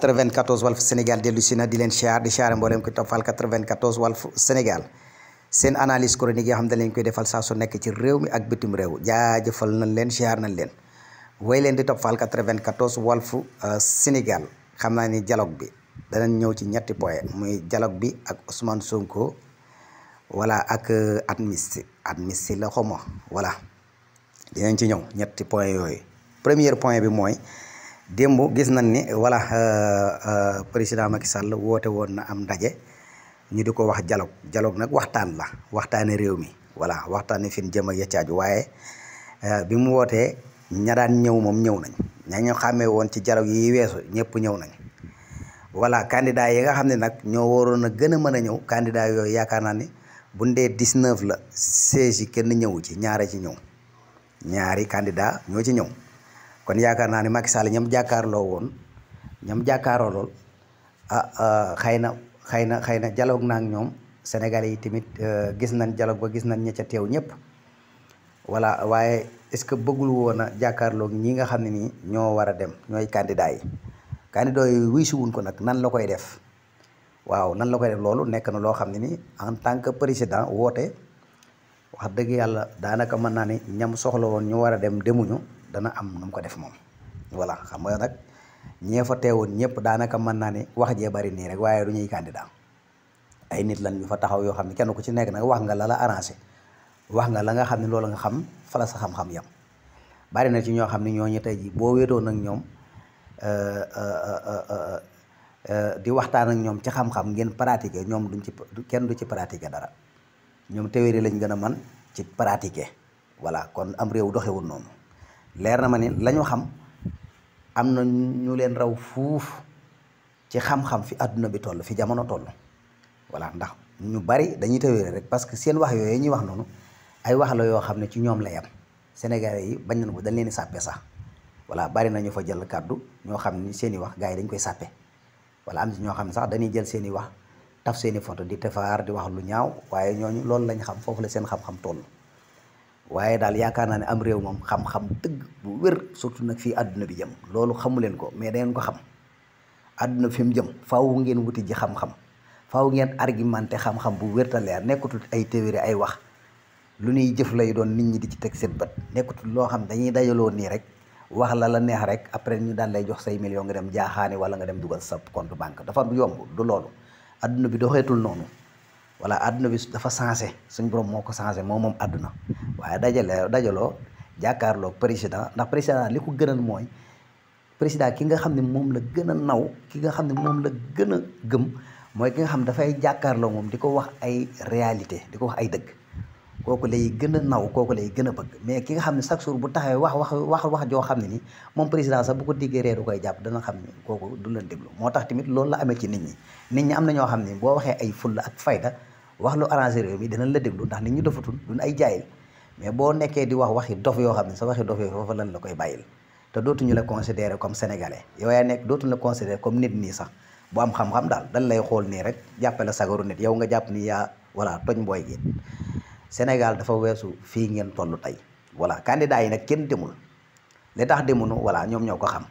94 Walf Sénégal dellu si na di leen siyaar di siyaare mboolem ko toppal 94 Walf Sénégal seen analyse chronique yoo xam ne leen koy defal saa su nekk ci réew mi ak bitim réew jaajëfal nañ leen siyaar nañ leen way leen di toppal 94 Walf euh, Sénégal xam naa ni dialogue bi danañ ñëw ci ñetti point muy dialogue bi ak Ousmane Sonko voilà ak euh, amnistie amnistie la xoma voilà dinañ ci ñëw ñetti point yooyu premier point bi mooy démb gis nañ ni wala euh, euh, président Macky Sall woote woon na am ndaje ñu di ko wax dialogue dialogue nag waxtaan la waxtaane réew mi voilà waxtaane fi ñu jëm ak yeccaaju waaye euh, bi mu wootee ña daan ñëw moom ñëw nañ ña ñu xàmmee woon ci jaloog yi weesu ñëpp ñëw nañ voilà candidat yi nga xam ne nag ñoo waroon a gën a mën a ñëw candidat yooyu yaakaar naa ni bu ndee 19 la 16 yi kenn ñëwu ci ñaare ci ñëw ñaari candidat ñoo ci ñëw kon yaakaar naa ni Macky Sall ñam jàkkaarloo woon ñam jàkkaaroo lool ah, ah xëy na xëy na xëy na dialogue naa ak ñoom sénégal yi tamit euh, gis nañ dialogue ba gis nañ ña ca teew ñëpp voilà waaye est-ce que bëggul woon a jàkkaarloo ñi nga xam ne nii ñoo war a dem ñooy candidat yi candidat yi wuy siwuñ ko nag nan la koy def waaw nan la koy def loolu nekk na loo xam ne nii en tant que président woote wax dëgg yàlla daanaka mën naa ne ñam soxla woon ñu war a dem demuñu dana am nu mu ko def moom voilà xam nga nag ñee fa teewoon ñëpp daanaka mën naa ne wax jee bari nii rek waaye du ñuy candidat ay nit lan ñu fa taxaw yoo xam ne kenn ko ci nekk nag wax nga la la arrangé wax nga la nga xam ne loolu nga xam fa la sa xam-xam yam bari na ci ñoo xam ne ñooñu tey jii boo wéetoo nag ñoom euh, euh, euh, di waxtaan ak ñoom ci xam-xam ngeen pratiquer ñoom duñ ci kenn du ci pratiquer dara ñoom théorie lañ gën a man ci pratiquer voilà kon am réew doxewul noonu leer na ma ni lañu xam am na ñu leen raw fuuf ci xam-xam fi àdduna bi toll fi jamono toll voilà ndax ñu bari dañuy tawéere rek parce que seen wax yooyu ñuy wax noonu ay wax la yoo xam ne ci ñoom la yem Sénégalais yi bañ nañ ko dañ leen di sàppe sax voilà bari na ñu fa jël kàddu ñoo xam ni seen i wax gars yi dañ koy sàppe wala am si ñoo xam ne sax dañuy jël seen i wax taf seeni i photo di fa di wax lu ñaaw waaye ñooñu loolu lañu xam foofu la seen xam-xam toll waaye daal yaakaar naa ne am réew moom xam-xam dëgg bu wér surtout nag fii àdduna bi jëm loolu xamu leen ko mais dangeen ko xam àdduna fi mu jëm faaw ngeen wuti ji xam-xam ngeen argumenté xam-xam bu wér ta leer nekkatul ay théorie ay wax lu nuy jëf lay doon nit ñi di ci teg seen bët nekkatul loo xam dañuy dajaloo nii rek wax la la neex rek après ñu daan lay jox say million nga dem jaaxaani wala nga dem dugal sa compte banque dafa du yomb du loolu àdduna bi doxeetul noonu wala àdduna bi dafa changé suñ borom moo ko changé moo moom àdduna waaye dajale dajaloo jàkkaarloo président ndax président li ko gënal mooy président ki nga xam ne moom la gën a naw ki nga xam ne moom la gën a gëm mooy ki nga xam dafay jàkkaarloo moom di ko wax ay réalité di ko wax ay dëgg kooku lay gën a naw kooku lay gën a bëgg mais ki nga xam ne chaque jour bu taxawee wax wax wax wax joo xam ne ni moom président sax bu ko diggee reeru koy jàpp dana xam ne kooku du leen déglu moo tax tamit loolu la amee ci nit ñi nit ñi am na ñoo xam ne boo waxee ay fulla ak fayda wax lu arrangé réew mi dinañ la déglu ndax nit ñu defatul duñ ay jaay mais boo nekkee di wax waxi dof yoo xam ne sa waxi dof yooyu foofa lan la koy bàyyil te dootuñu la considérer comme sénégalais yow yaa nekk dootuñu la considérer comme nit nii sax boo am xam-xam daal dañ lay xool nii rek jàppale sagaru nit yow nga jàpp ni yaa voilà toj booy gi Sénégal dafa weesu fii ngeen toll tey voilà candidat yi nag kenn demul li tax demunu voilà ñoom ñoo ko xam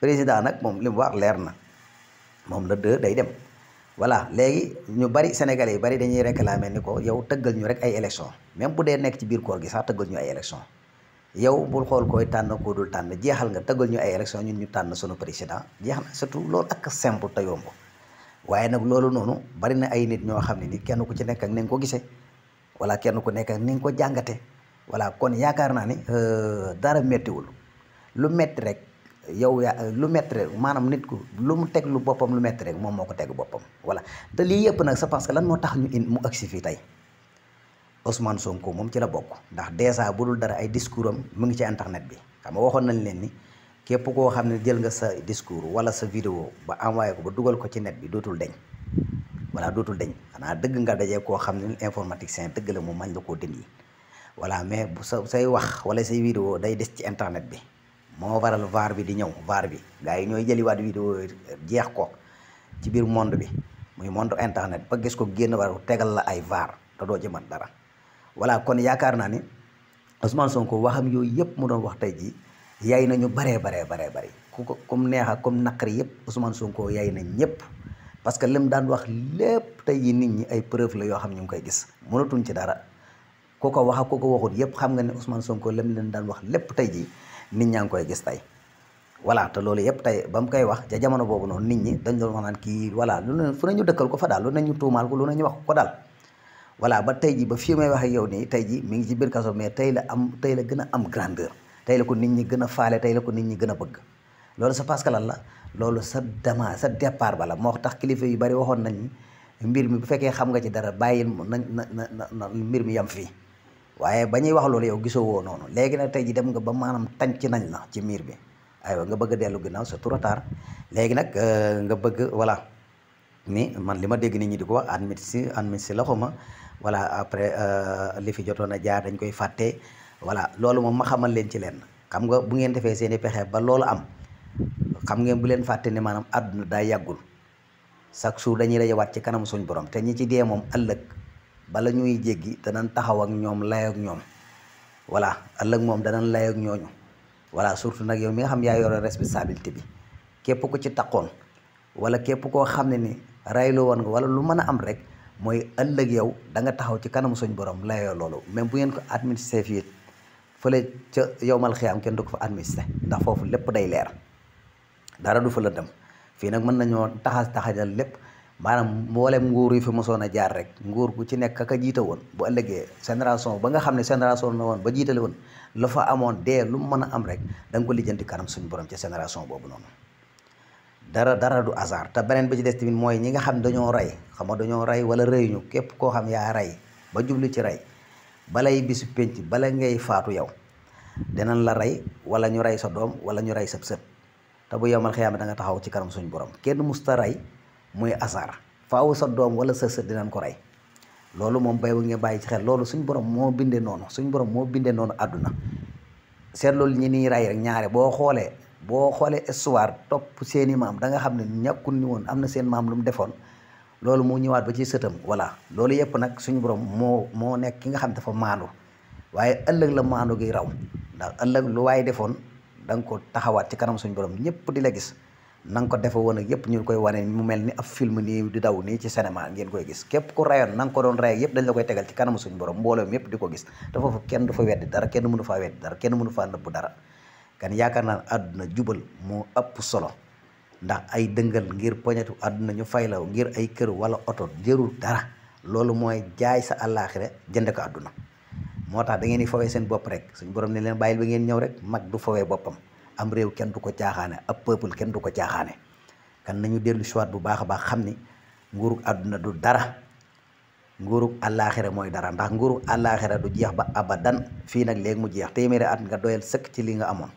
président nag moom li mu wax leer na moom la dë day dem voilà léegi ñu bari sénégalais yi bari dañuy laa mel ni ko yow tëggal ñu rek ay élection même bu dee nekk ci biir koor gi sax tëggal ñu ay élection yow bul xool koy tànn koo dul tànn jeexal nga tëggal ñu ay élection ñun ñu tànn sunu président jeex na surtout loolu ak simple te yomb waaye nag loolu noonu bari na ay nit ñoo xam ne ni kenn ku ci nekk ak ni nga ko gisee wala kenn ku nekk ak ni nga ko jàngate voilà kon yaakaar naa ni euh, dara méttiwul lu métti rek yow yaa lu métti maanaam nit ko lu mu teg lu boppam lu métti rek moom moo ko teg boppam voilà te lii yëpp nag c'est parce que lan moo tax ñu in mu agsi fii tey Ousmane Sonko moom ci la bokk ndax dèjà bu dul dara ay discours mu ngi ci internet bi xam nga waxoon nañ leen ni képp koo xam ne jël nga sa discours wala sa vidéo ba envoyé ko ba dugal ko ci net bi dootul deñ voilà dootul deñ xanaa dëgg nga dajee koo xam ne informaticien dëgg la mu mañ la koo dindi voilà mais bu sa say wax wala say vidéo day des ci internet bi moo waral VAR bi di ñëw VAR bi gars ñooy jëliwaat wi vidéo jeex ko ci biir monde bi muy monde internet ba gis ko génn war tegal la ay VAR te doo ci dara voilà kon yaakaar naa ni Ousmane Sonko waxam yooyu yëpp mu doon wax tey jii yay nañu baree baree baree bari ku ko comme neex ak comme naqari yëpp Ousmane Sonko yay na ñëpp parce que lim daan wax lépp tey jii nit ñi ay preuve la yoo xam ñu ngi koy gis mënatuñ ci dara. ku ko wax ak ku ko waxut yépp xam nga ne Ousmane Sonko lam leen daan wax lépp tey ji nit ñaa ngi koy gis tey voilà te loolu yépp tey ba mu koy wax ja jamono boobu noonu nit ñi dañ doon wax naan kii voilà lu ne fu nañu dëkkal ko fa daal lu nañu tuumaal ko lu nañu wax ko daal voilà ba tey ji ba fii may wax yow nii tey ji mi ngi ci biir kaso mais tey la am tey la gën a am grandeur tey la ko nit ñi gën a faale tey la ko nit ñi gën a bëgg loolu c'est parce que lan la loolu sa dama sa départ bala moo tax kilifa yu bari waxoon nañ mbir mi bu fekkee xam nga ci dara bàyyil na na na mbir mi yam fii waaye ba ñuy wax loolu yow gisoo woo noonu léegi nag tey ji dem nga ba maanaam tànc nañ la ci miir bi aywa nga bëgg a dellu ginnaaw c'est trop tard léegi nag euh, nga bëgg voilà ni man li ma dégg nit ñu di ko wax admit si admit si la xuma voilà après euh, li fi jotoon a jaar dañ koy fàtte voilà loolu moom ma xamal leen ci leen xam nga bu ngeen defee seen i pexe ba loolu am xam ngeen bu leen fàtte ni maanaam àdduna daa yàggul chaque jour dañuy dajawaat ci kanam suñ borom te ñi ci dee moom ëllëg bala ñuy jéggi danañ taxaw ak ñoom lay ak ñoom voilà ëllëg moom danañ lay ak ñooñu voilà surtout nag yow mi nga xam yaa yore responsabilité bi képp ku ci taqoon wala képp koo xam ne ni raylu woon nga wala lu mën a am rek mooy ëllëg yow da nga taxaw ci kanamu suñ borom layoo loolu mais bu ngeen ko administré fii fële ca yowmal xiyaam kenn du ko fa administré ndax foofu lépp day leer dara du fa dem fii nag mën nañoo taxas taxajal lépp. maanaam mboolem nguur yi fi mosoon a jaar rek nguur gu ci nekk kaka jiite woon bu ëllëgee génération ba nga xam ne génération na woon ba jiitale woon lu fa amoon dee lu mu mën a am rek da ko lijjanti kanam suñu borom ci génération boobu noonu dara du hasard te beneen bi ci des tamit mooy ñi nga xam dañoo rey xam nga dañoo rey wala reyuñu képp koo xam yaa rey ba jublu ci rey balay bisu bala ngay faatu yow dinañ la rey wala ñu rey sa doom wala ñu rey sa sët te bu yomal xiyaama da nga taxaw ci kanam suñu borom kenn musta rey mooy asar faaw sa doom wala sa sët dinañ ko rey loolu moom bay bu ngeen bàyyi ci xel loolu suñ borom moo bindee noonu suñ borom moo bindee noonu àdduna seet loolu ñi niy rey rek ñaare boo xoolee boo xoolee histoire topp seeni maam da nga xam ne ñàkkul ni woon am na seen maam lu mu defoon loolu moo ñëwaat ba ci sëtam voilà loolu yëpp nag suñu borom moo moo nekk ki nga xam dafa maandu waaye ëllëg la maandu gi raw ndax ëllëg lu waaye defoon da ko taxawaat ci kanam suñ borom ñëpp di la gis na ko defe woon ak yëpp ñu koy wane mu mel ni ab film nii di daw nii ci cinéma ngeen koy gis képp ku rayoon na nga ko doon ray ak yëpp dañ la koy tegal ci kanamu suñu borom mbooloom yëpp di ko gis te foofu kenn du fa weddi dara kenn mënu faa weddi dara kenn mënu dara kan yaakaar naa àdduna jubal moo ëpp solo ndax ay dëngal ngir poñetu àdduna ñu fay law ngir ay kër wala oto jërul dara loolu mooy jaay sa àllaaxira jënd ko àdduna moo tax da ngeen di fawee seen bopp rek suñu borom ne leen bàyyil ba ngeen ñëw rek mag du fawee boppam am réew kenn du ko caaxaane ab peuple kenn du ko caaxaane kan nañu dellu siwaat bu baax a baax xam ni nguurug àdduna du dara nguurug àllaaxira mooy dara ndax nguurug àllaaxira du jeex ba abadan fii nag léegi mu jeex téeméeri at nga doyal sëkk ci li nga amoon